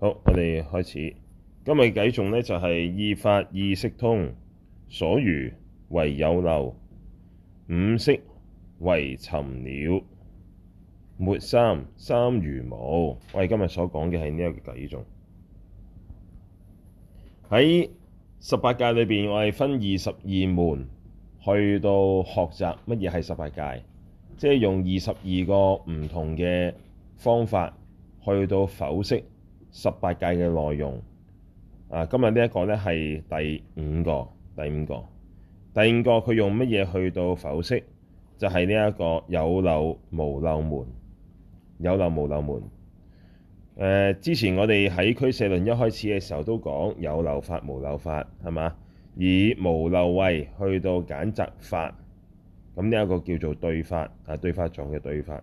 好，我哋開始。今日偈頌咧就係、是、意法意識通，所餘唯有漏，五識唯尋伺，末三三餘無。我哋今日所講嘅係呢一個偈頌喺十八界裏邊，我哋分二十二門去到學習乜嘢係十八界，即係用二十二個唔同嘅方法去到剖析。十八界嘅內容啊，今日呢一個咧係第五個，第五個，第五個佢用乜嘢去到剖析？就係呢一個有漏無漏門，有漏無漏門。誒、呃，之前我哋喺俱舍論一開始嘅時候都講有漏法無漏法，係嘛？以無漏慧去到簡擇法，咁呢一個叫做對法啊，對法藏嘅對法，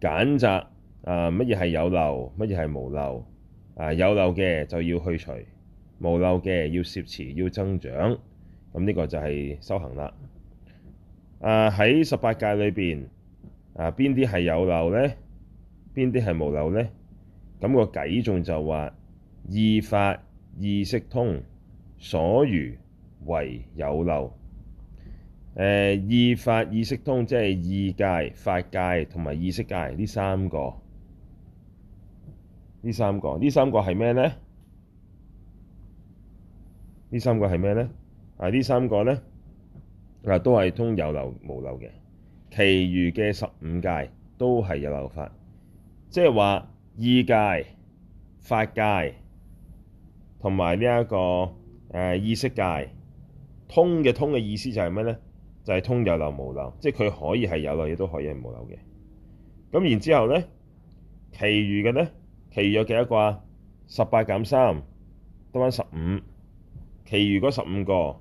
簡擇。乜嘢係有漏，乜嘢係無漏？啊，有漏嘅就要去除，無漏嘅要攝持，要增長。咁、嗯、呢、這個就係修行啦。啊，喺十八界裏邊，啊邊啲係有漏咧？邊啲係無漏咧？咁、嗯、那個計眾就話：意法意識通所如為有漏。誒、呃，意法意識通即係意界、法界同埋意識界呢三個。呢三個，呢三個係咩呢？呢三個係咩呢？啊，呢三個呢，啊，都係通有流，無流，有漏，無漏嘅。其餘嘅十五界都係有漏法，即係話意界、法界同埋呢一個誒、呃、意識界，通嘅通嘅意思就係咩呢？就係、是、通有漏無漏，即係佢可以係有漏，亦都可以係無漏嘅。咁然之後呢，其餘嘅呢。其餘有幾多個啊？十八減三，得翻十五。其餘嗰十五個，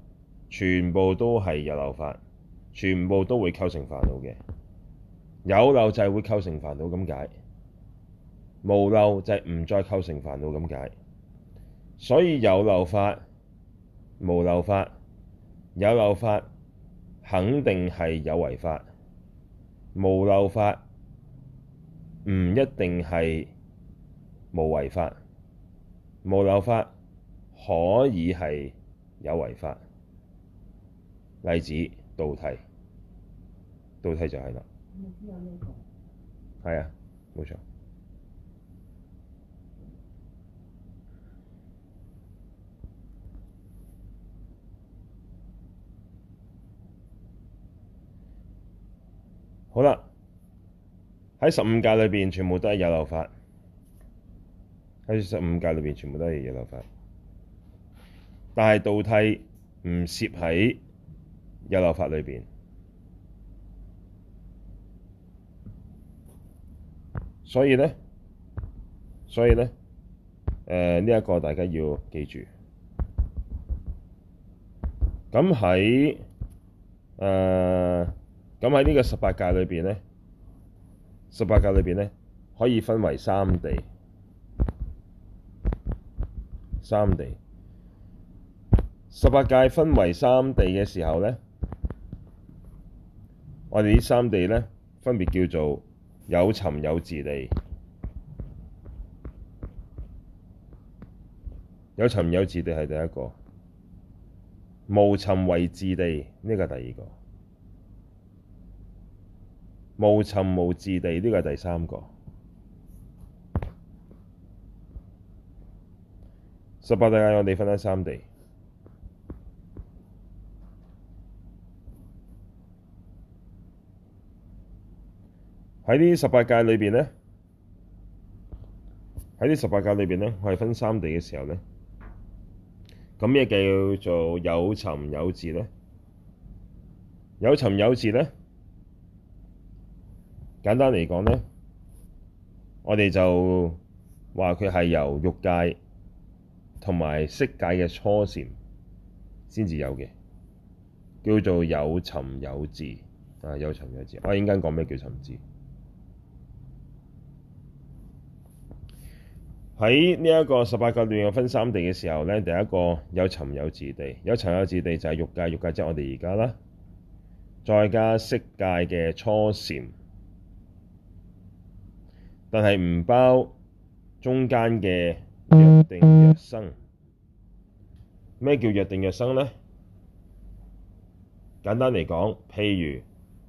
全部都係有漏法，全部都會構成煩惱嘅。有漏就係會構成煩惱咁解，無漏就係唔再構成煩惱咁解。所以有漏法、無漏法，有漏法肯定係有為法，無漏法唔一定係。無為法、無漏法，可以係有為法。例子道諦，道諦就係啦。冇知係啊，冇錯。好啦，喺十五界裏邊，全部都係有漏法。喺十五界裏邊，全部都係有漏法，但係道諦唔攝喺有漏法裏邊，所以咧，所以咧，誒，呢一個大家要記住。咁喺誒，咁喺呢個十八界裏邊咧，十八界裏邊咧，可以分為三地。三地，十八界分為三地嘅時候呢，我哋呢三地呢，分別叫做有尋有伺地，有尋有伺地係第一個；無尋唯伺地呢，這個係第二個；無尋無伺地呢，這個係第，這個，第三個。十八大界我哋分得三地，喺呢十八界裏邊呢，喺呢十八界裏邊呢，我哋分三地嘅時候呢，咁咩叫做有尋有伺呢？有尋有伺呢簡單嚟講呢，我哋就話佢係由欲界。同埋色界嘅初禪先至有嘅，叫做有尋有伺啊，有尋有伺。我應該講咩叫尋伺？喺呢一個十八界嘅分三地嘅時候咧，第一個有尋有伺地，有尋有伺地就係欲界，欲界即係我哋而家啦，再加色界嘅初禪，但係唔包中間嘅。若定若生，咩叫若定若生呢？簡單嚟講，譬如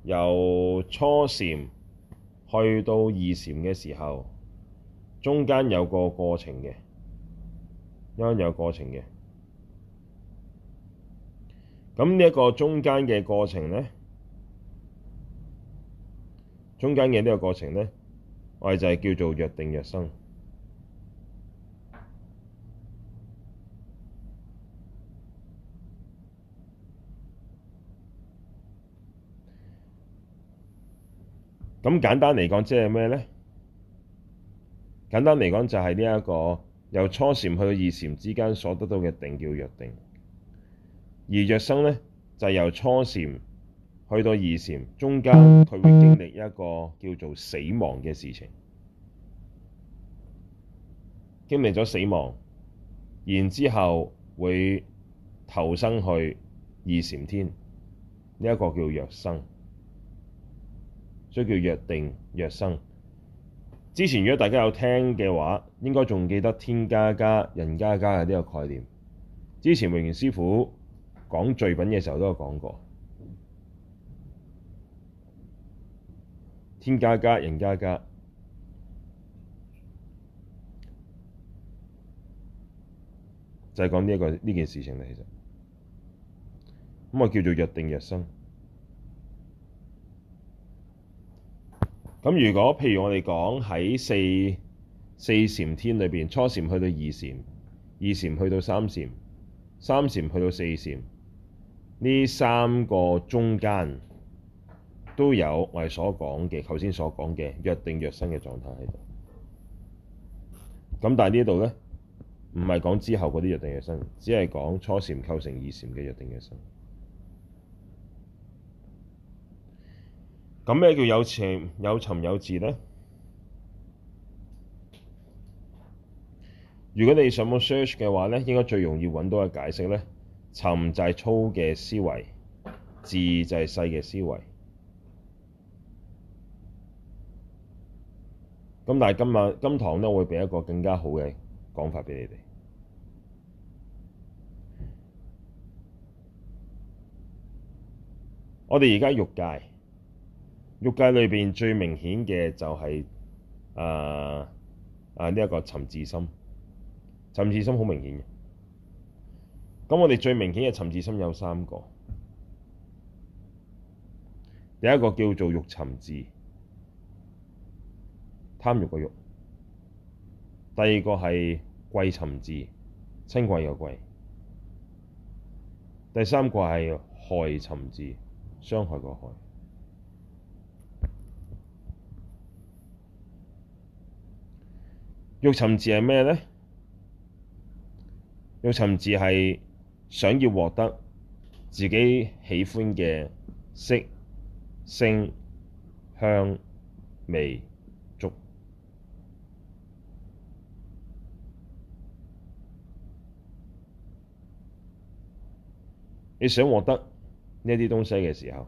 由初禪去到二禪嘅時候，中間有個過程嘅，因有個過程嘅。咁呢一個中間嘅過程呢？中間嘅呢個過程呢，我哋就係叫做若定若生。咁簡單嚟講，即係咩咧？簡單嚟講，就係呢一個由初禪去到二禪之間所得到嘅定叫若定，而若生咧就係、由初禪去到二禪，中間佢會經歷一個叫做死亡嘅事情，經歷咗死亡，然之後會投生去二禪天，呢、這、一個叫若生。即係叫若定若生。之前如果大家有聽嘅話，應該仲記得天家家、人家家呢個概念。之前榮賢師傅講聚品嘅時候都有講過，天家家、人家家，就係講呢一個呢件事情咧。其實咁啊，我叫做若定若生。咁如果譬如我哋講喺四四禪天裏邊，初禪去到二禪，二禪去到三禪，三禪去到四禪，呢三個中間都有我哋所講嘅頭先所講嘅若定若生嘅狀態喺度。咁但係呢度咧，唔係講之後嗰啲若定若生，只係講初禪構成二禪嘅若定若生。咁咩叫有伺有尋有伺呢？如果你上網 search 嘅話呢，應該最容易揾到嘅解釋呢：尋就係粗嘅思維，伺就係細嘅思維。咁但係今晚今堂咧，會俾一個更加好嘅講法俾你哋。我哋而家欲界。欲界裏邊最明顯嘅就係啊啊呢一個尋伺心，尋伺心好明顯嘅。咁我哋最明顯嘅尋伺心有三個，第一個叫做欲尋伺，貪欲嘅欲；第二個係恚尋伺，清貴嘅貴；第三個係害尋伺，傷害嘅害。欲尋伺係咩呢？欲尋伺係想要獲得自己喜歡嘅色、聲、香、味、觸。你想獲得呢啲東西嘅時候，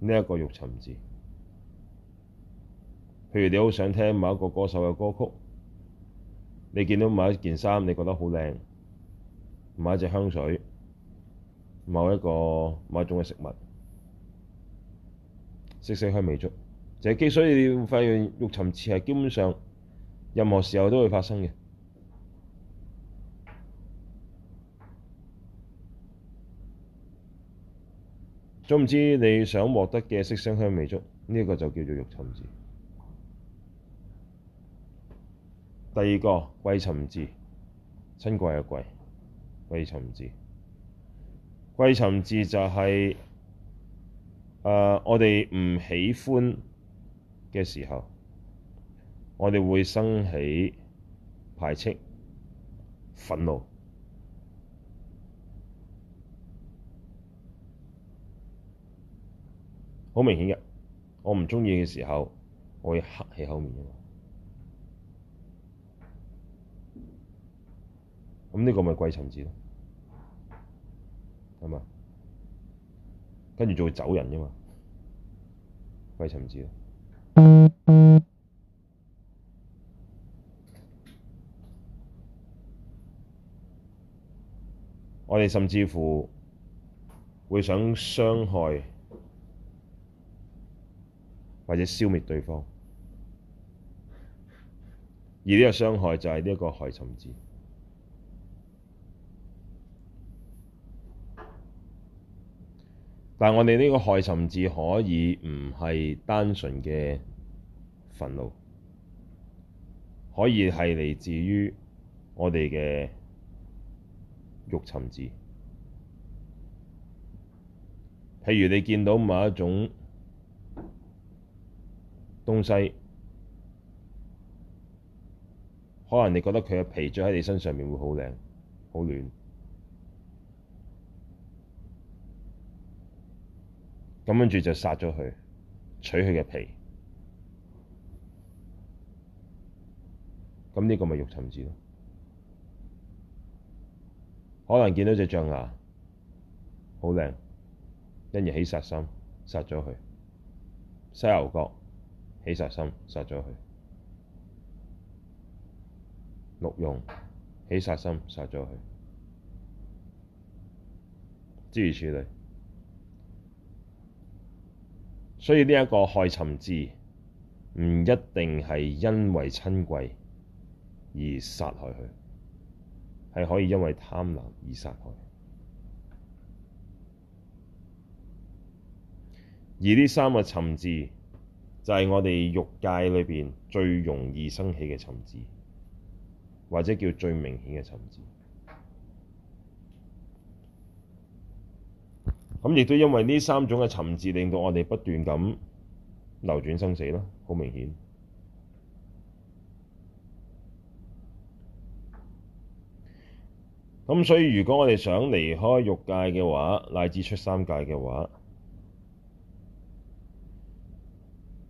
呢、這、一個欲尋伺。譬如你好想聽某一個歌手嘅歌曲。你見到某一件衫，你覺得好靚；某一隻香水；某一個某一種嘅食物，色聲香味觸，就係基。所以你會發現欲尋伺係基本上任何時候都會發生嘅。總唔知你想獲得嘅色聲香味觸，呢、這個就叫做欲尋伺。第二個恚尋伺，瞋恚嘅恚，恚尋伺，恚尋伺就係、是呃、我哋唔喜歡嘅時候，我哋會生起排斥、憤怒，好明顯嘅。我唔中意嘅時候，我會黑起口面咁呢個咪恚尋伺咯，係咪？跟住就會走人噶嘛，恚尋伺。 我哋甚至乎會想傷害或者消滅對方，而呢個傷害就係呢一個害尋伺。但我哋呢個害尋伺可以唔係單純嘅憤怒，可以係嚟自於我哋嘅慾尋伺。譬如你見到某一種東西，可能你覺得佢嘅皮著喺你身上面會好靚、好暖。咁跟住就殺咗佢，取佢嘅皮。咁、這、呢個咪欲尋伺咯？可能見到隻象牙，好靚，因而起殺心，殺咗佢。犀牛角起殺心，殺咗佢。鹿茸起殺心，殺咗佢。諸如此類。所以呢一個害尋伺唔一定係因為瞋恚而殺害佢，係可以因為貪婪而殺害。而呢三個尋伺就係、是、我哋欲界裏邊最容易生起嘅尋伺，或者叫最明顯嘅尋伺。咁亦都因為呢三種嘅尋伺，令到我哋不斷咁流轉生死咯，好明顯。咁所以如果我哋想離開欲界嘅話，乃至出三界嘅話，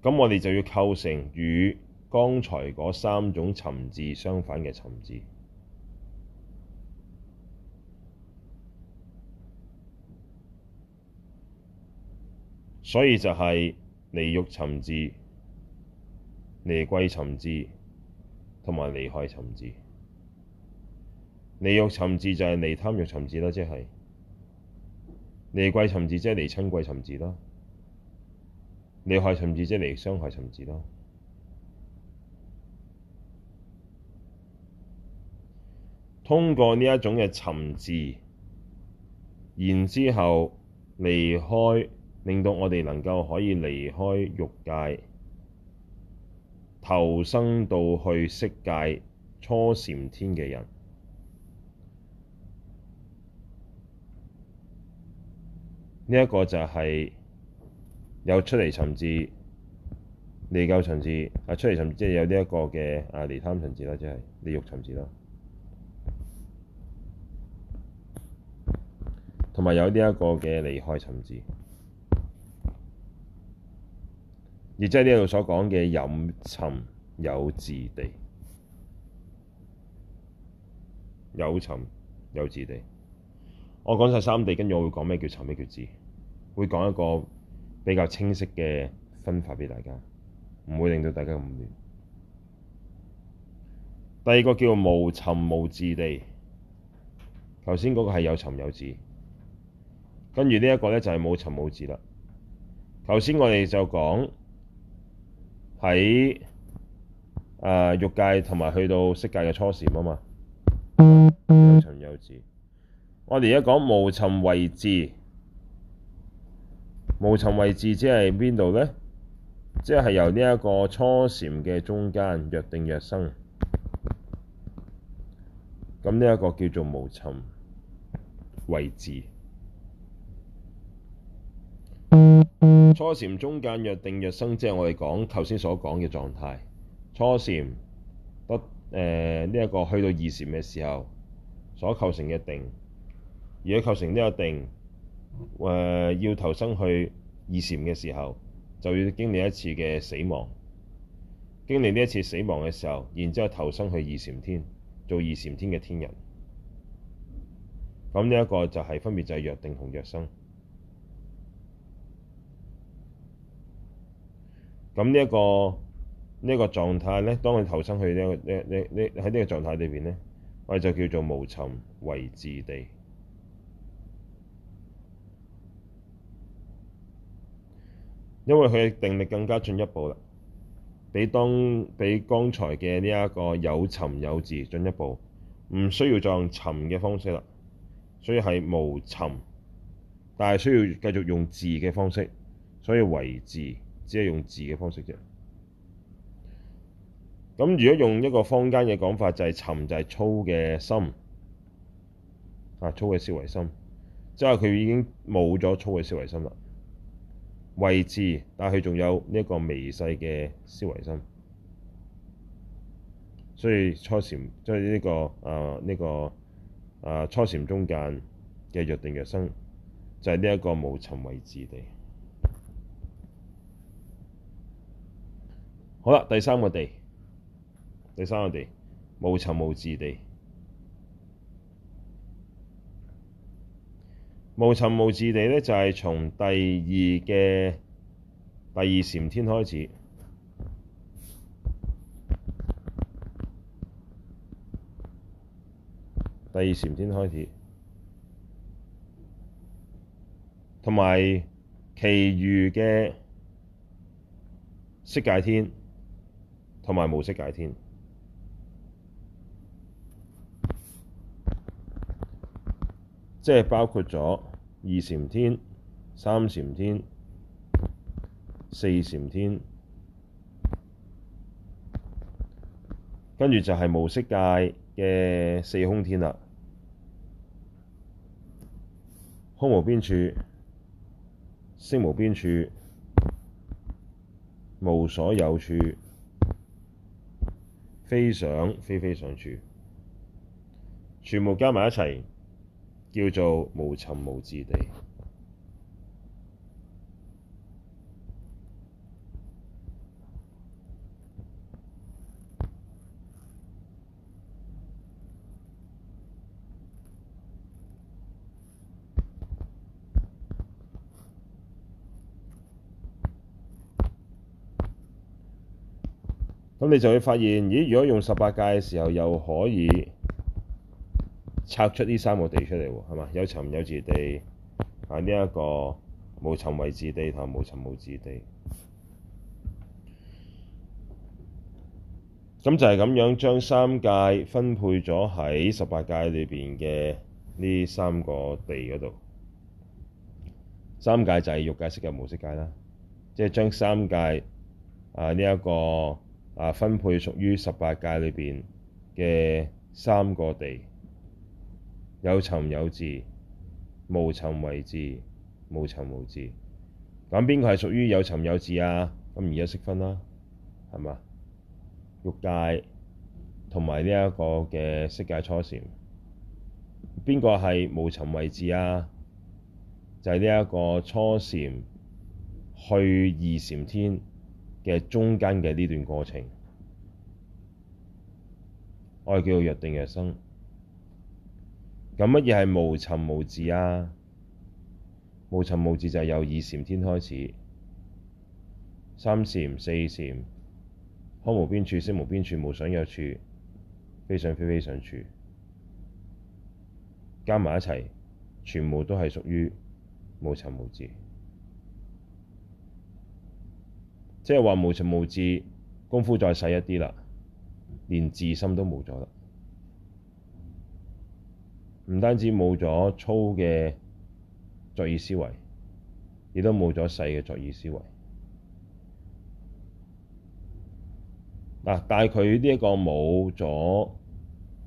咁我哋就要構成與剛才嗰三種尋伺相反嘅尋伺。所以就係離欲尋伺、離恚尋伺同埋離害尋伺。離欲尋伺就係離貪欲尋伺啦，即係離恚尋伺即係離瞋恚尋伺啦，離害尋伺即係離傷害尋伺啦。通過呢一種嘅尋伺，然之後離開。令到我哋能夠可以離開欲界，投生到去色界初禪天嘅人，呢、這、一個就係、是、有出離尋伺，離恚尋伺啊，出離尋伺即係有呢一個嘅啊離貪尋伺啦，即係離欲尋伺啦，同、啊、埋有呢一個嘅離害尋伺。而即係呢度所講嘅有尋有伺地，有尋有伺地。我講晒三地，跟住我會講咩叫尋，咩叫伺，會講一個比較清晰嘅分法畀大家，唔會令到大家咁亂。嗯、第二個叫無尋無伺地。頭先嗰個係有尋有伺，跟住呢一個咧就係冇尋冇伺啦。頭先我哋就講。喺誒欲界同埋去到色界嘅初禪啊嘛，有尋有伺。我哋而家講無尋唯伺。無尋唯伺即係邊度咧？即係由呢一個初禪嘅中間，若定若生，咁呢一個叫做無尋唯伺。初禪中間若定若生，即係我哋講頭先所講嘅狀態。初禪不誒呢一個去到二禪嘅時候所構成嘅定，而佢構成呢個定誒、呃、要投生去二禪嘅時候，就要經歷一次嘅死亡。經歷呢一次死亡嘅時候，然之後投生去二禪天做二禪天嘅天人。咁呢一個就係、是、分別，就係若定同若生。咁呢一個呢一個狀態咧，當佢投身去呢個呢呢呢喺呢個狀態裏邊咧，我哋就叫做無尋唯伺地，因為佢嘅定力更加進一步啦，比當比剛才嘅呢一個有尋有伺進一步，唔需要再用尋嘅方式啦，所以係無尋，但係需要繼續用伺嘅方式，所以唯伺。只係用字嘅方式啫。咁如果用一個坊間嘅講法，就係、是、尋就係粗嘅心，啊粗嘅思維心，即係佢已經冇咗粗嘅思維心啦。唯伺，但係佢仲有呢一個微細嘅思維心。所以初禪，即係呢個、呃這個、啊呢個啊初禪中間嘅若定若生，就係呢一個冇尋唯伺地。好啦，第三個地，第三個地，無尋無伺地，無尋無伺地呢，就係、是、從第二嘅第二禪天開始，第二禪天開始，同埋其餘嘅色界天。同埋無色界天，即係包括咗二禪天、三禪天、四禪天，跟住就係無色界嘅四空天啦。空無邊處，識無邊處，無所有處。非想非非想處，全部加埋一齊，叫做無尋無伺地。咁你就會發現，咦？如果用十八界嘅時候，又可以拆出呢三個地出嚟喎，係嘛？有尋有伺地，係呢一個無尋唯伺地同無尋無伺地。咁就係咁樣將三界分配咗喺十八界裏邊嘅呢三個地嗰度。三界就係欲界、色界、無色界啦。即係將三界啊呢一個。啊，分配屬於十八界裏邊嘅三個地，有尋有伺，無尋唯伺，無尋無伺。咁邊個係屬於有尋有伺啊？咁而家識分啦，係嘛？欲界同埋呢一個嘅色界初禪，邊個係無尋唯伺啊？就係呢一個初禪去二禪天嘅中間嘅呢段過程，我哋叫做若定若生。咁乜嘢係無尋無伺啊？無尋無伺就係由二禪天開始，三禪、四禪，空無邊處、識無邊處、無所有處、非想非非想處，加埋一齊，全部都係屬於無尋無伺。即係話無尋無伺，功夫再細一啲啦，連伺心都冇咗啦。唔單止冇咗粗嘅作意思維，亦都冇咗細嘅作意思維嗱。但係佢呢一個冇咗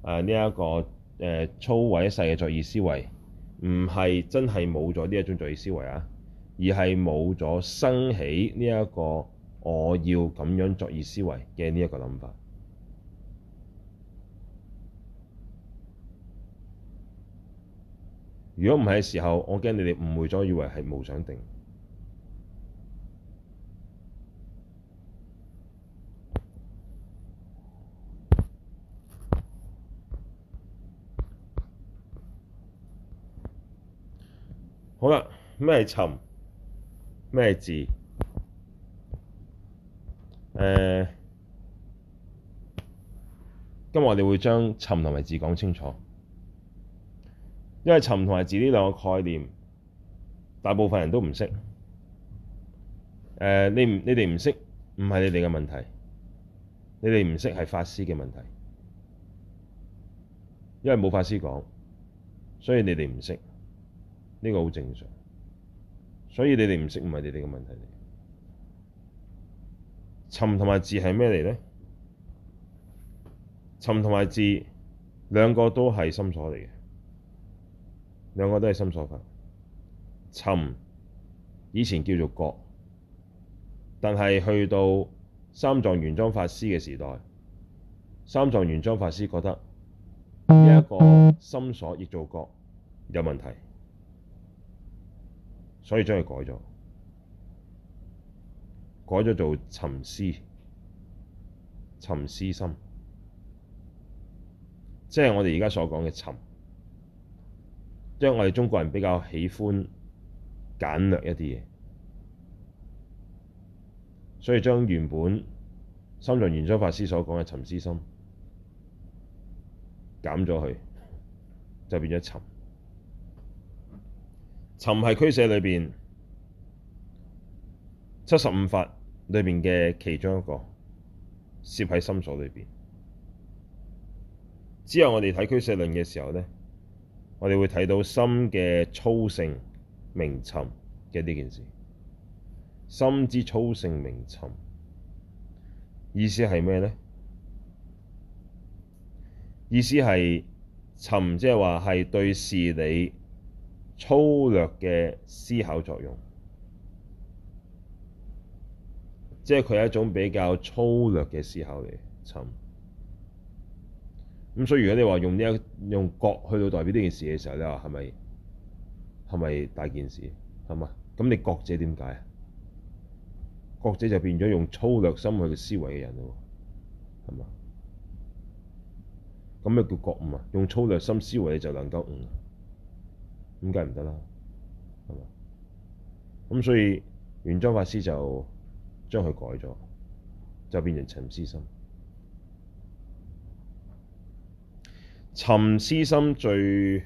誒，呢一個誒，粗位細嘅作意思維，唔係真係冇咗呢一種作意思維啊，而係冇咗生起呢一個，我要咁樣作業思維嘅呢一個諗法。如果唔係時候，我驚你哋誤會咗，以為係無想定好。好啦，咩尋？咩伺？誒，uh, 今日我哋會將尋同埋伺講清楚，因為尋同埋伺呢兩個概念，大部分人都唔識。誒、uh，你你哋唔識，唔係你哋嘅問題，你哋唔識係法師嘅問題，因為冇法師講，所以你哋唔識，呢、這個好正常，所以你哋唔識唔係你哋嘅問題。尋同埋伺係咩嚟呢？尋同埋伺兩個都係心所嚟嘅，兩個都係心所法。尋以前叫做覺，但係去到三藏玄奘法師嘅時代，三藏玄奘法師覺得有一個心所亦做覺有問題，所以將佢改咗。改咗做尋思，尋思心，即係我哋而家所講嘅尋。因為我哋中國人比較喜歡簡略一啲嘢，所以將原本心藏玄奘法師所講嘅尋思心減咗佢就變咗尋。尋係俱舍裏邊七十五法裏面嘅其中一個，攝喺心所裏面。之後我哋睇俱舍論嘅時候呢，我哋會睇到心嘅粗性明沉嘅呢件事。心之粗性名尋，意思係咩呢？意思係尋，即係話係對事理粗略嘅思考作用。即係佢係一種比較粗略嘅思考嚟，沉咁。所以如果你話用呢一用覺去到代表呢件事嘅時候，你話係咪係咪大件事係嘛？咁你覺者點解啊？覺者就變咗用粗略心去思維嘅人咯，係嘛？咁咩叫覺悟啊？用粗略心思維你就能夠悟，咁梗係唔得啦，係嘛？咁所以玄奘法師就。將佢改咗，就變成尋思心。尋思心最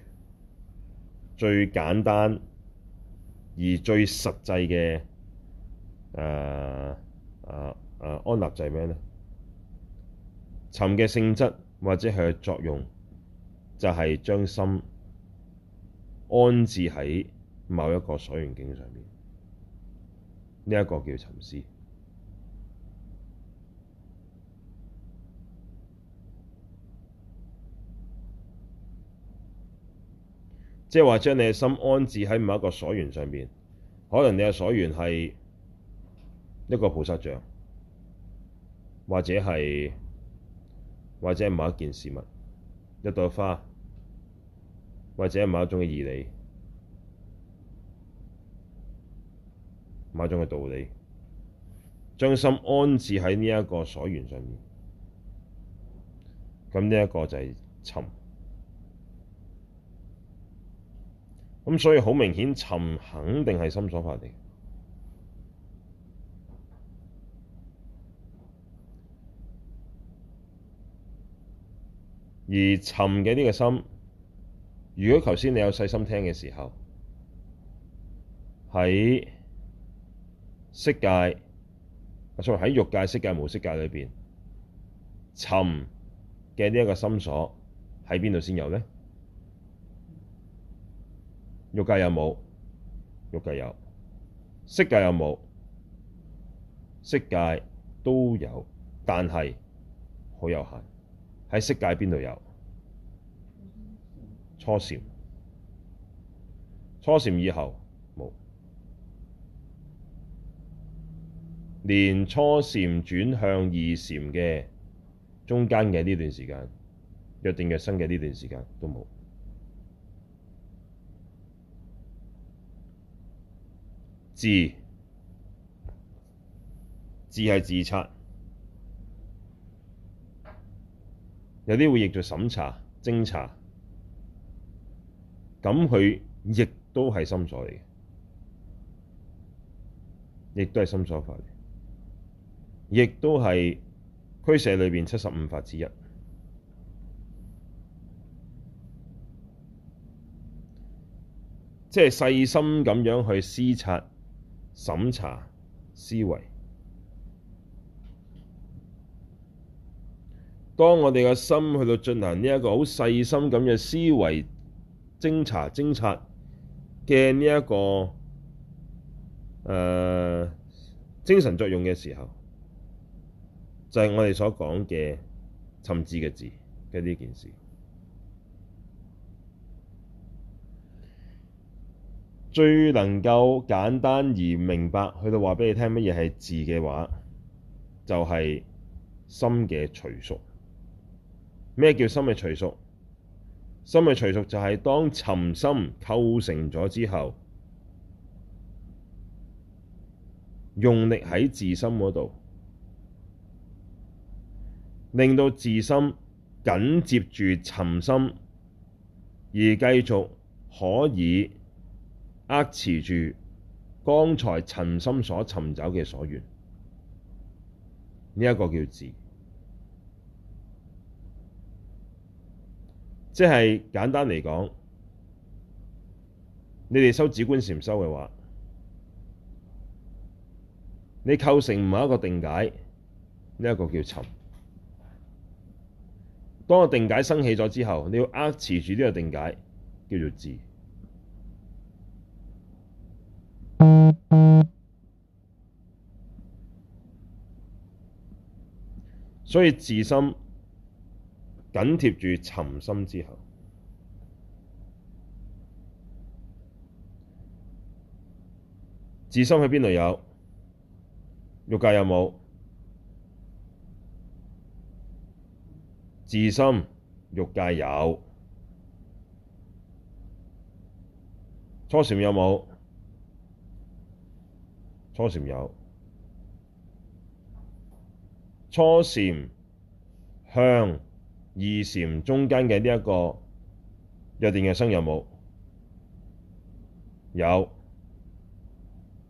最簡單而最實際嘅誒誒誒安立就係咩咧？尋嘅性質或者佢嘅作用就係將心安置喺某一個所緣境上面，呢、這、一個叫尋思。即係話將你嘅心安置喺某一個所緣上面。可能你嘅所緣係一個菩薩像，或者係或者係某一件事物，一朵花，或者係某一種嘅義理，某一種嘅道理，將心安置喺呢一個所緣上面，咁呢一個就係尋。咁所以好明顯，尋肯定係心所法嘅。而尋嘅呢個心，如果頭先你有細心聽嘅時候，喺色界，啊，仲喺欲界、色界、無色界裏邊，尋嘅呢一個心所喺邊度先有呢？欲界有冇？欲界有，色界有冇？色界都有，但係好有限。喺色界邊度有？初禪，初禪以後冇。連初禪轉向二禪嘅中間嘅呢段時間，若定若生嘅呢段時間都冇。伺，伺係伺察，有啲會譯做審查、偵查，咁佢亦都係心所嚟嘅，亦都係心所法嚟，亦都係俱舍裏邊七十五法之一，即係細心咁樣去伺察。審查思維，當我哋嘅心去到進行呢一個好細心咁嘅思維偵查偵察嘅呢一個誒、呃、精神作用嘅時候，就係、是、我哋所講嘅尋字嘅字嘅呢件事。最能夠簡單而明白去到話畀你聽乜嘢係伺嘅話，就係、是、心嘅隨屬。咩叫心嘅隨屬？心嘅隨屬就係當尋心構成咗之後，用力喺伺心嗰度，令到伺心緊接住尋心，而繼續可以。握持住剛才尋心所尋找嘅所緣，呢、這、一個叫伺。即係簡單嚟講，你哋修止觀禪修嘅話，你構成唔係一個定解，呢、這、一個叫尋」。當個定解生起咗之後，你要握持住呢個定解，叫做伺。所以伺心緊貼住尋心之後，伺心喺邊度有？欲界有冇？伺心欲界有？初禪有冇？初禪有，初禪向二禪中間嘅呢一個若定嘅生有冇？有。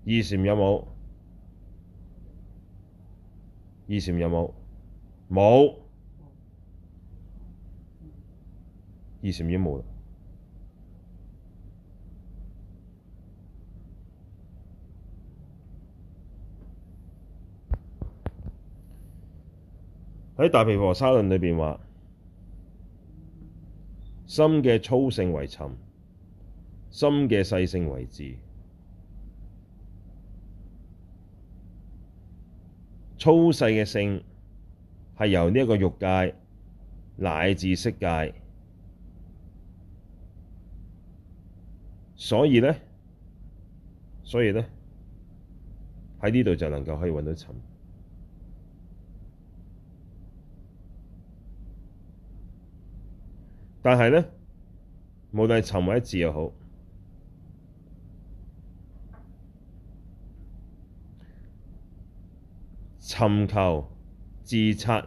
二禪有冇？二禪有冇？冇。二禪已經冇啦。喺大毗婆沙論裏邊話，心嘅粗性為尋，心嘅細性為伺，粗細嘅性係由呢一個欲界乃至色界，所以呢，所以呢，喺呢度就能夠可以搵到尋。但係咧，無論尋伺二字又好，尋求伺察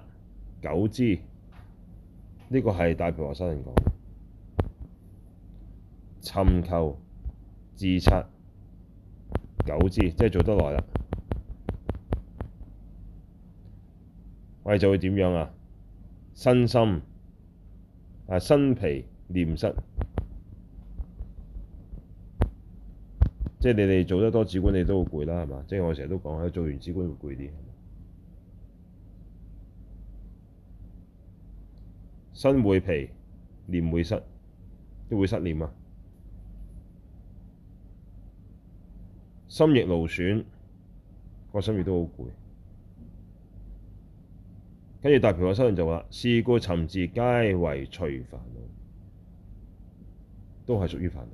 久之,呢個係大毘婆沙論講。尋求伺察久之，即係做得耐啦，我哋就會點樣啊？身心。啊，身疲念失，即係你哋做得多主管，你都好攰啦，係嘛？即係我成日都講，做完主管會攰啲。身會疲，念會失，都會失念啊！心亦勞損，個心亦都好攰。跟住大毘婆沙論就話：是故尋伺皆為隨煩惱，都係屬於煩惱。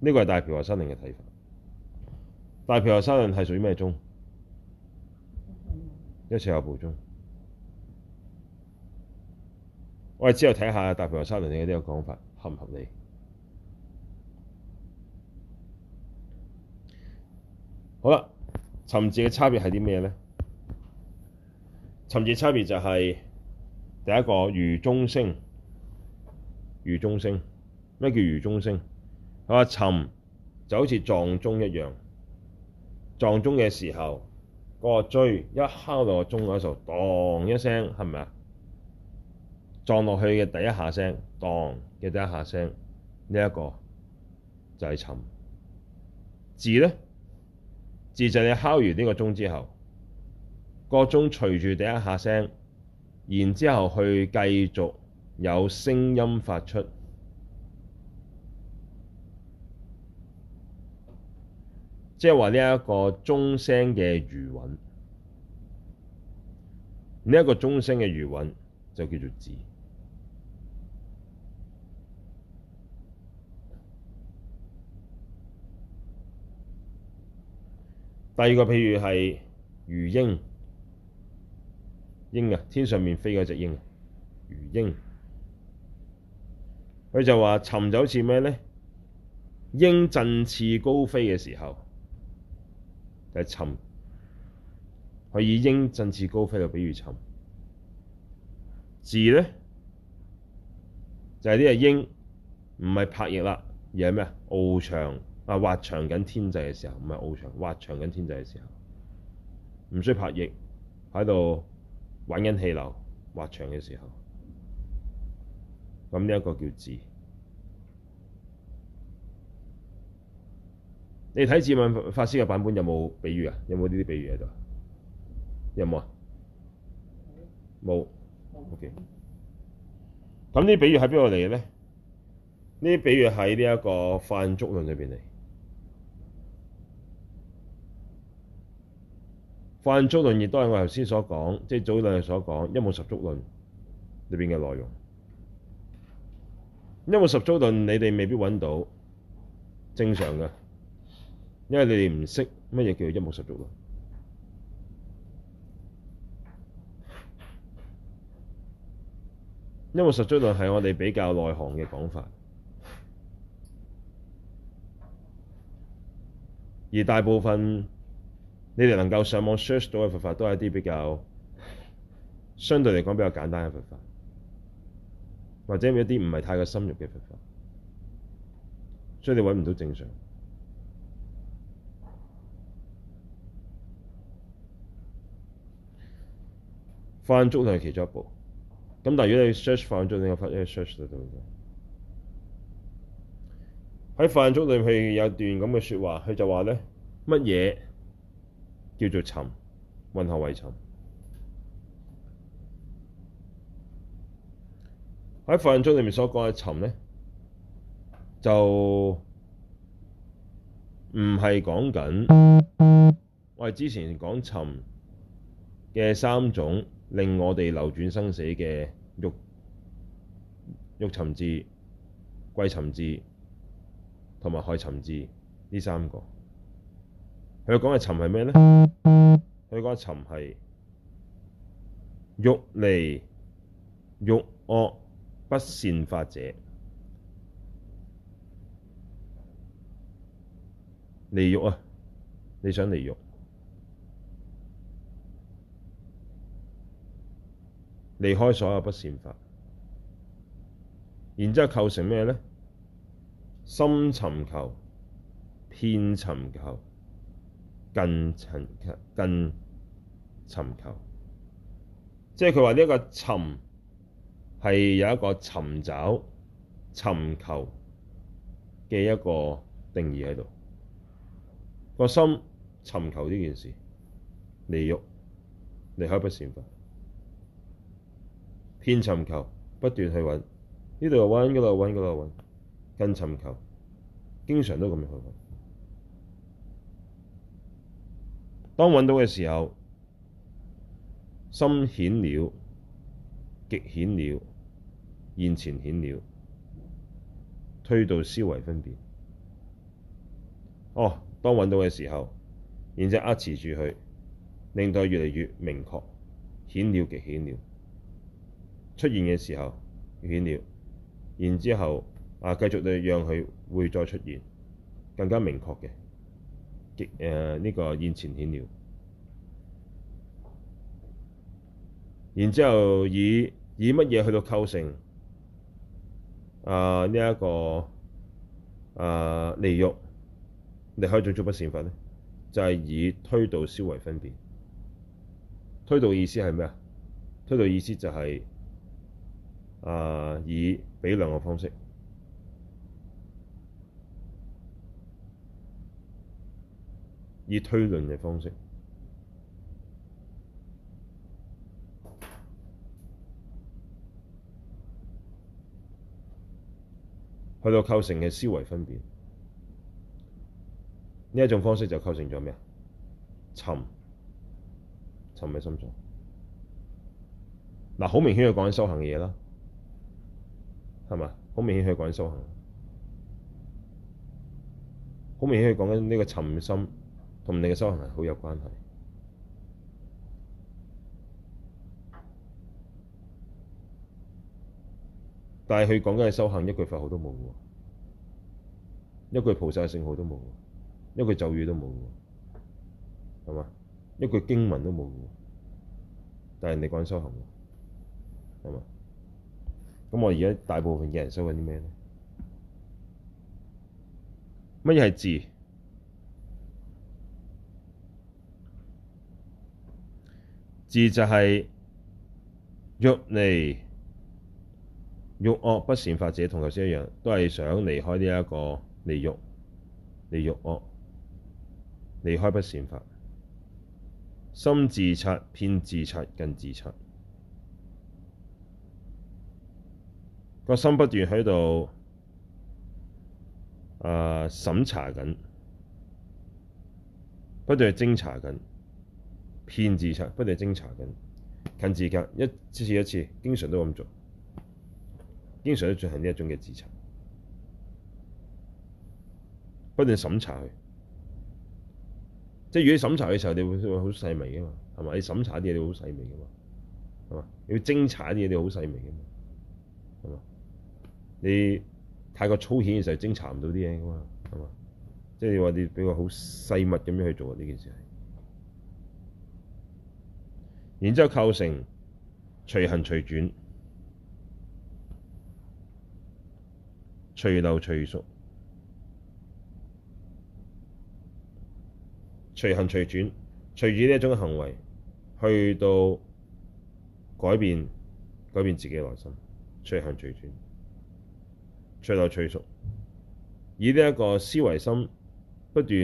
呢個係大毘婆沙論嘅睇法。大毘婆沙論係屬於咩宗？一切有部宗。我哋之後睇下大毘婆沙論嘅呢個講法合唔合理？好啦。尋伺嘅差別係啲咩咧？尋伺差別就係第一個如鐘聲，如鐘聲。咩叫如鐘聲？啊，尋就好似撞鐘一樣，撞鐘嘅時候嗰個椎一敲落個鐘嗰時候，噹一,一聲係咪啊？撞落去嘅第一下聲，噹嘅第一下聲，呢、這、一個就係尋伺咧。伺就係你敲完呢個鐘之後，個鐘隨住第一下聲，然之後去繼續有聲音發出，即係話呢一個鐘聲嘅餘韻，呢一個鐘聲嘅餘韻就叫做伺。第二個譬如係魚鷹，鷹啊，天上面飛嗰隻鷹，魚鷹。佢就話尋就好似咩咧？鷹振翅高飛嘅時候就係尋，佢以鷹振翅高飛嘅比喻尋。伺咧就係呢隻鷹，唔係拍翼啦，而係咩啊翱翔。啊！滑翔緊天際嘅時候，唔係翱翔，滑翔緊天際嘅時候，唔需要拍翼，喺度玩緊氣流，滑翔嘅時候，咁呢一個叫伺。你睇字問法師嘅版本有冇比喻啊？有冇呢啲比喻喺度？有冇啊？冇 Okay.。OK。咁呢啲比喻喺邊度嚟咧？呢啲比喻喺呢一個《法蘊足論》裏邊嚟。法蘊足論亦都係我頭先所講，即係早兩日所講一目十足論裏邊嘅內容。一目十足論你哋未必揾到正常嘅，因為你哋唔識乜嘢叫一目十足論。一目十足論係我哋比較內行嘅講法，而大部分。你哋能夠上網 search 到嘅佛法，都係一啲比較相對嚟講比較簡單嘅佛法，或者一啲唔係太過深入嘅佛法，所以你搵唔到正常。法蘊足係其中一部。咁但係如果你 search 法蘊足，你有發一 search 得到嘅，喺法蘊足裏面有段咁嘅說話，佢就話咧乜嘢？叫做尋，混合為尋。喺浮印中裏面所講嘅尋呢，就唔係講緊我哋之前講尋嘅三種令我哋流轉生死嘅欲、欲尋伺、恚尋伺同埋害尋伺呢三個。佢講嘅尋係咩咧？佢講嘅尋係欲離欲惡不善法者，離欲啊！你想離欲，離開所有不善法，然之後構成咩咧？心尋求，遍尋求。近，近尋求，近尋求，即係佢話呢一個尋係有一個尋找、尋求嘅一個定義喺度。個心尋求呢件事，離欲，惡不善法，遍尋求不斷去揾，呢度又揾嗰度，揾嗰度揾，近尋求，經常都咁樣去揾。當揾到嘅時候，心顯了，極顯了，現前顯了，推度思維分別。哦，當揾到嘅時候，然之後壓持住佢，令到佢越嚟越明確，顯了極顯了出現嘅時候，顯了，然之後啊，繼續去讓佢會再出現更加明確嘅。誒呢、呃這個現前顯了，然之後以以乜嘢去到構成啊呢一個啊離欲，你可以做做不善法咧？就係、是、以推度思惟分別。推度意思係咩啊？推度意思就係、是、啊、呃、以比量嘅方式。以推論嘅方式去到構成嘅思維分別，呢一種方式就構成咗咩啊？沉沉嘅心臟嗱。好明顯佢講緊修行嘅嘢啦，係嘛？好明顯佢講緊修行，好明顯佢講緊呢個沉心。同你嘅修行係好有關係，但係佢講緊嘅修行一句佛號都冇喎，一句菩薩聖號都冇喎，一句咒語都冇喎，係嘛？一句經文都冇喎，但係你哋講修行喎，係嘛？咁我而家大部分嘅人修緊啲咩咧？乜嘢係字？伺就係謂離欲惡不善法者，同頭先一樣，都係想離開呢一個離欲、離欲惡、離開不善法。心伺察，遍伺察，近伺察。個心不斷喺度啊，審查緊，不斷去偵查緊。遍伺察，不斷偵查緊，近伺察。一次一次一次，經常都咁做，經常都進行呢一種嘅伺察，不斷審查佢。即係如果你審查嘅時候，你會會好細微噶嘛，係咪？你審查啲嘢，你好細微噶嘛，係嘛？你要偵查啲嘢，你好細微噶嘛，係嘛？你太過粗淺嘅時候，偵查唔到啲嘢噶嘛，係嘛？即係你話你比較好細密咁樣去做呢件事。然之後構成隨行隨轉、隨流隨屬、隨行隨轉，隨住呢一種行為去到改變改變自己嘅內心，隨行隨轉、隨流隨屬，以呢一個思維心不斷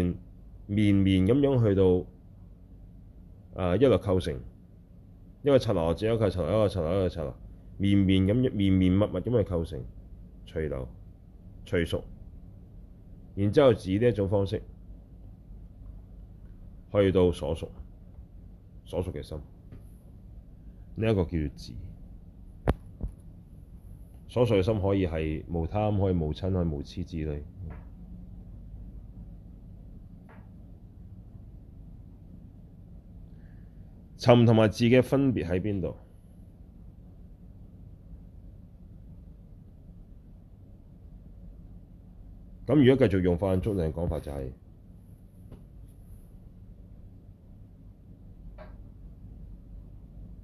綿綿咁樣去到啊、呃、一個構成。因為拆落只有佢拆落去，拆落去，拆落去，拆落去，綿綿咁，綿綿密密咁去構成隨流、隨屬，然之後伺呢一種方式去到所屬，所屬嘅心，呢、這、一個叫做伺，所屬嘅心可以係無貪，可以無嗔，可以無痴之類。尋同埋伺嘅分別喺邊度？咁如果繼續用翻足論嘅講法，法就係、是、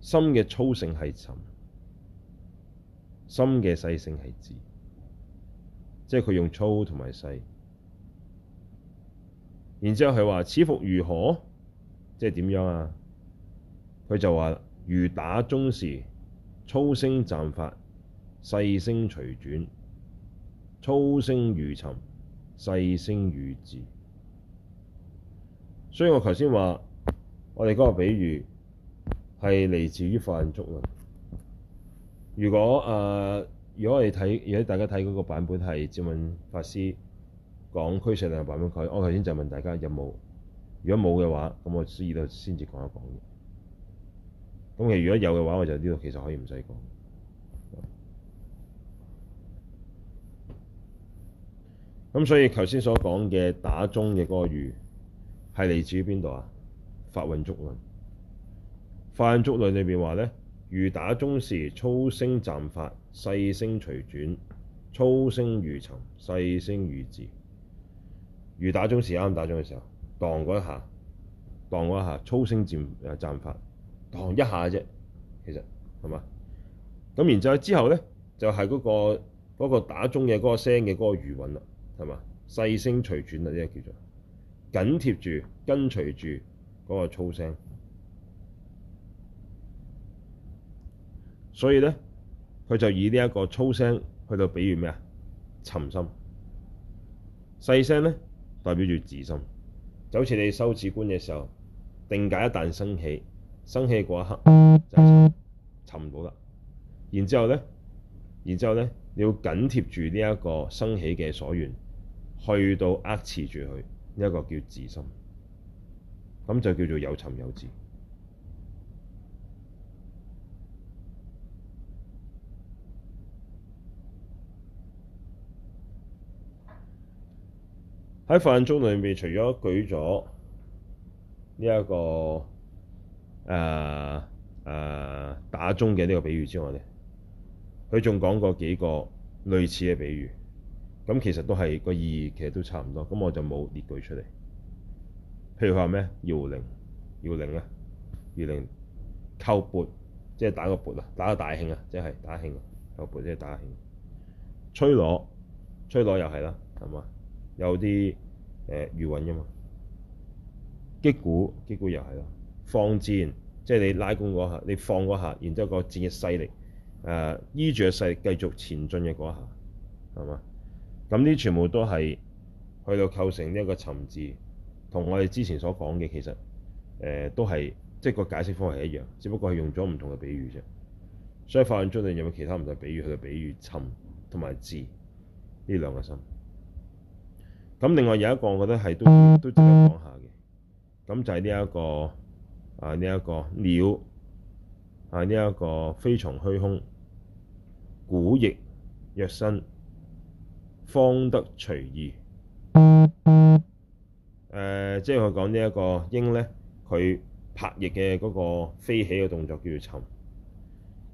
心嘅粗性係尋，心嘅細性係伺，即係佢用粗同埋細。然之後佢話，此復如何？即係點樣啊？佢就話：如打鐘時，粗聲暫發，細聲隨轉；粗聲喻尋，細聲喻伺。所以我頭先話，我哋嗰個比喻係嚟自於法蘊足啊。如果誒、呃，如果我哋睇，如果大家睇嗰個版本係智敏法師講俱舍論嘅版本，佢我頭先就問大家有冇？如果冇嘅話，咁我書二度先至講一講。咁其實如果有嘅話，我就呢個其實可以唔使講。咁所以頭先所講嘅打鐘嘅嗰個喻係嚟自於邊度啊？法蘊足論。法蘊足論裏邊話呢：「如打鐘時，粗聲暫發，細聲隨轉；粗聲如尋，細聲如伺。如打鐘時，啱打鐘嘅時候，盪嗰一下，盪嗰一,一下，粗聲暫誒暫發。一下啫，其實係嘛？咁，然之後之後咧就係嗰個嗰個打鐘嘅嗰個聲嘅嗰個餘韻啦，係嘛？細聲隨轉啦，呢個叫做緊貼住跟隨住嗰個粗聲，所以咧佢就以呢一個粗聲去到比喻咩啊？尋心，細聲咧代表住伺心，就好似你修止觀嘅時候定解一旦升起。生起嗰一刻就尋、是，尋唔到啦。然之後咧，然之後咧，你要緊貼住呢一個生起嘅所緣，去到扼持住佢，呢、這、一個叫伺心。咁就叫做有尋有伺。喺範宗裏面，除咗舉咗呢一個。誒誒、uh, uh, 打鐘嘅呢個比喻之外咧，佢仲講過幾個類似嘅比喻，咁其實都係、個意義其實都差唔多，咁我就冇列舉出嚟。譬如話咩？搖鈴、搖鈴啊，搖鈴叩缽，即係打個缽啊，打個大磬啊，即係打磬啊，叩缽即係打磬。吹螺、吹螺又係啦，係嘛？有啲誒餘韻㗎嘛？擊鼓、擊鼓又係啦。放箭，即係你拉弓嗰下，你放嗰下，然之後個箭嘅勢力，誒、呃、依住嘅勢力繼續前進嘅嗰下，係嘛？咁呢全部都係去到構成呢一個沉字，同我哋之前所講嘅其實誒、呃、都係即係個解釋方式係一樣，只不過係用咗唔同嘅比喻啫。所以法眼中，你有冇其他唔同嘅比喻？佢嘅比喻沉同埋字呢兩個心。咁另外有一個，我覺得係都 都值得講下嘅，咁就係呢一個。啊！呢、這、一個鳥啊！呢、這、一個飛翔虛空，鼓翼踊身，方得隨意。誒、呃，即係我講呢一個鷹咧，佢拍翼嘅嗰個飛起嘅動作叫做尋，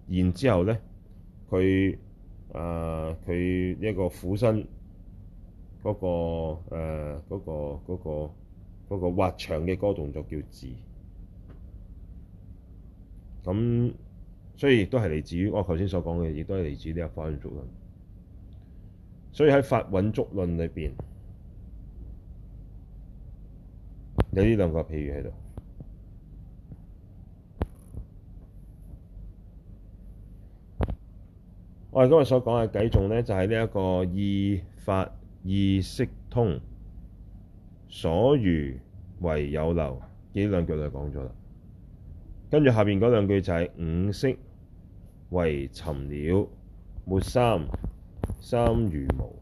然之後咧佢啊佢一個俯身嗰、那個誒嗰、呃那個嗰、那個那個那個滑翔嘅嗰個動作叫伺。咁、嗯，所以亦都係嚟自於我頭先所講嘅，亦都係嚟自呢一個法蘊足論。所以喺法蘊足論裏邊，有呢兩個譬喻喺度。我哋今日所講嘅偈頌咧，就係呢一個意法意識通，所餘唯有漏，呢兩句就講咗啦。跟住下面嗰兩句就係五識唯尋伺，後三，三餘無。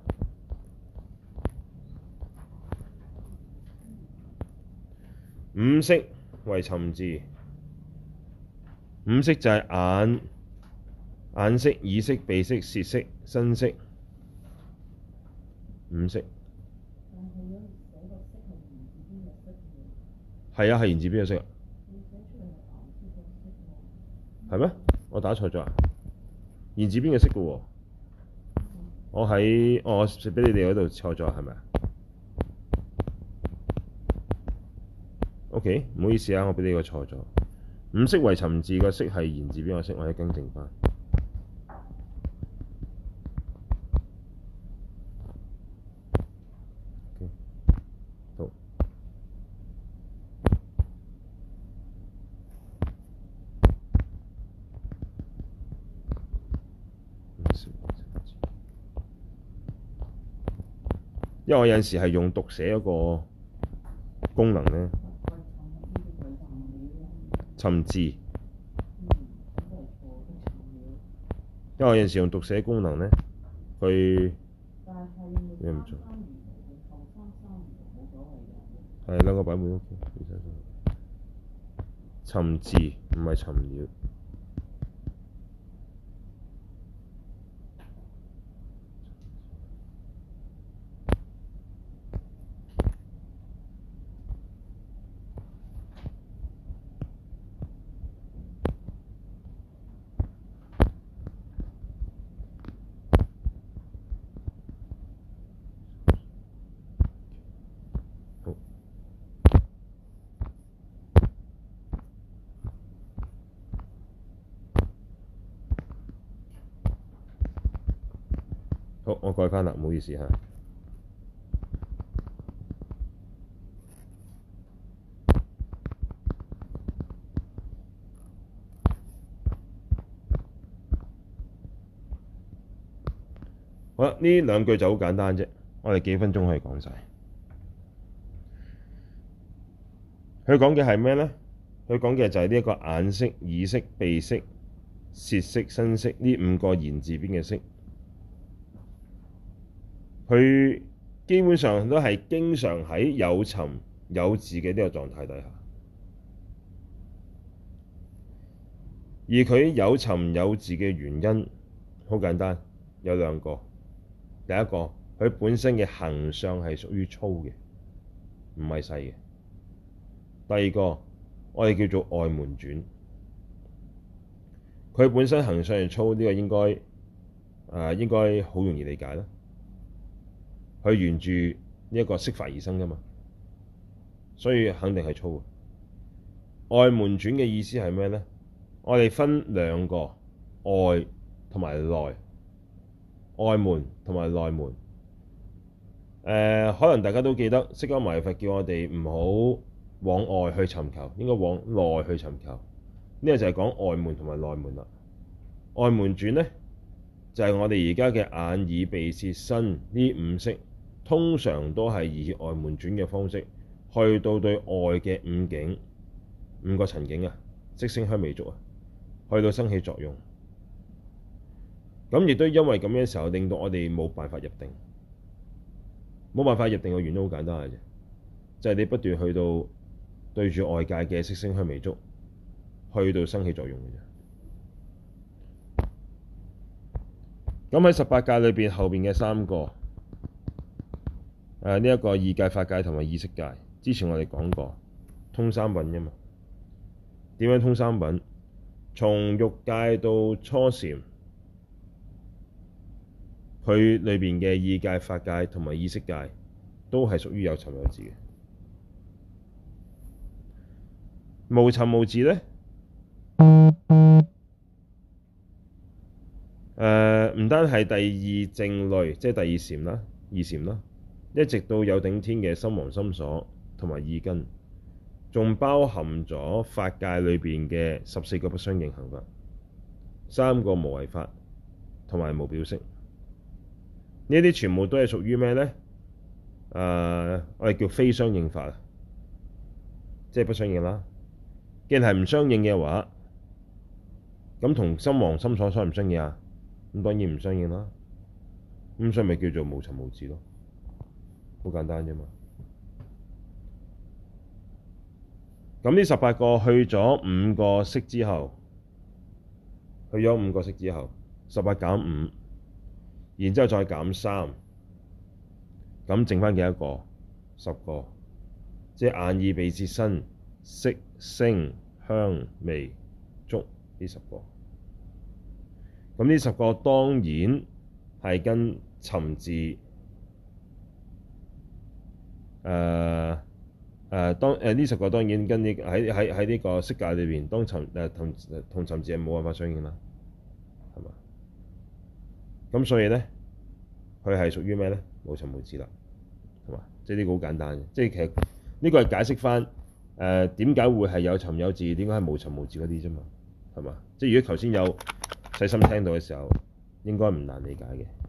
五識唯尋伺，五識就係眼眼識、耳識、鼻識、舌識、身識，五識。係啊，係源自邊個識啊？係咩？我打錯咗啊！言字邊個識嘅喎、哦？我喺、哦，我畀你哋嗰度錯咗，係咪？OK，唔好意思啊，我畀你個錯咗。五色為尋字個識係言字邊個識，我要更正翻。因為我有陣時係用讀寫嗰個功能咧，尋字滯。因為我有陣時用讀寫功能咧，去咩唔錯？係兩個版本咯，其實尋字唔係尋了。我改翻啦，唔好意思嚇。好啦，呢兩句就好簡單啫，我哋幾分鐘可以講晒？佢講嘅係咩呢？佢講嘅就係呢一個眼識、耳識、鼻識、舌識、識、身識呢五個言字邊嘅識。佢基本上都係經常喺有尋有伺嘅呢個狀態底下，而佢有尋有伺嘅原因好簡單，有兩個。第一個佢本身嘅行相係屬於粗嘅，唔係細嘅。第二個我哋叫做外門轉，佢本身行相係粗呢、這個應該誒、呃、應該好容易理解啦。去沿住呢一個釋法而生噶嘛，所以肯定係粗嘅。外門轉嘅意思係咩咧？我哋分兩個外同埋內，外門同埋內門。誒、呃，可能大家都記得釋迦牟尼佛叫我哋唔好往外去尋求，應該往內去尋求。呢個就係講外門同埋內門啦。外門轉咧，就係、是、我哋而家嘅眼、耳、鼻、舌、身呢五識。通常都係以外門轉嘅方式去到對外嘅五境，五個塵境啊，色聲香味觸啊，去到生起作用。咁亦都因為咁樣嘅時候，令到我哋冇辦法入定，冇辦法入定嘅原因好簡單嘅啫，就係、是、你不斷去到對住外界嘅色聲香味觸，去到生起作用嘅啫。咁喺十八界裏邊後邊嘅三個。誒，呢一個意界、法界同埋意識界，之前我哋講過，通三品啫嘛。點樣通三品？從欲界到初禪，佢裏邊嘅意界、法界同埋意識界，都係屬於有尋有伺嘅。無尋無伺咧？誒、啊，唔單係第二靜慮，即係第二禪啦，二禪啦。一直到有頂天嘅心王心所同埋意根，仲包含咗法界裏邊嘅十四個不相應行法，三個無為法同埋無表色呢啲，全部都係屬於咩咧？誒、呃，我哋叫非相應法啊，即、就、係、是、不相應啦。既然係唔相應嘅話，咁同心王心所相唔相應啊？咁當然唔相應啦。咁所以咪叫做無尋無伺咯。好簡單啫嘛！咁呢十八個去咗五個色之後，去咗五個色之後，十八減五，5，然之後再減三，咁剩翻幾多個？十個，即係眼耳鼻舌身色聲香味觸。呢十個。咁呢十個當然係跟尋伺。誒誒，當誒呢十個當然跟呢，喺喺喺呢個色界裏邊，當尋誒、呃、同同尋伺係冇辦法相應啦，係嘛？咁所以咧，佢係屬於咩咧？無尋無伺啦，係嘛？即係呢個好簡單嘅，即係其實呢個係解釋返誒點解會係有尋有伺，點解係無尋無伺嗰啲啫嘛？係嘛？即係如果頭先有細心聽到嘅時候，應該唔難理解嘅。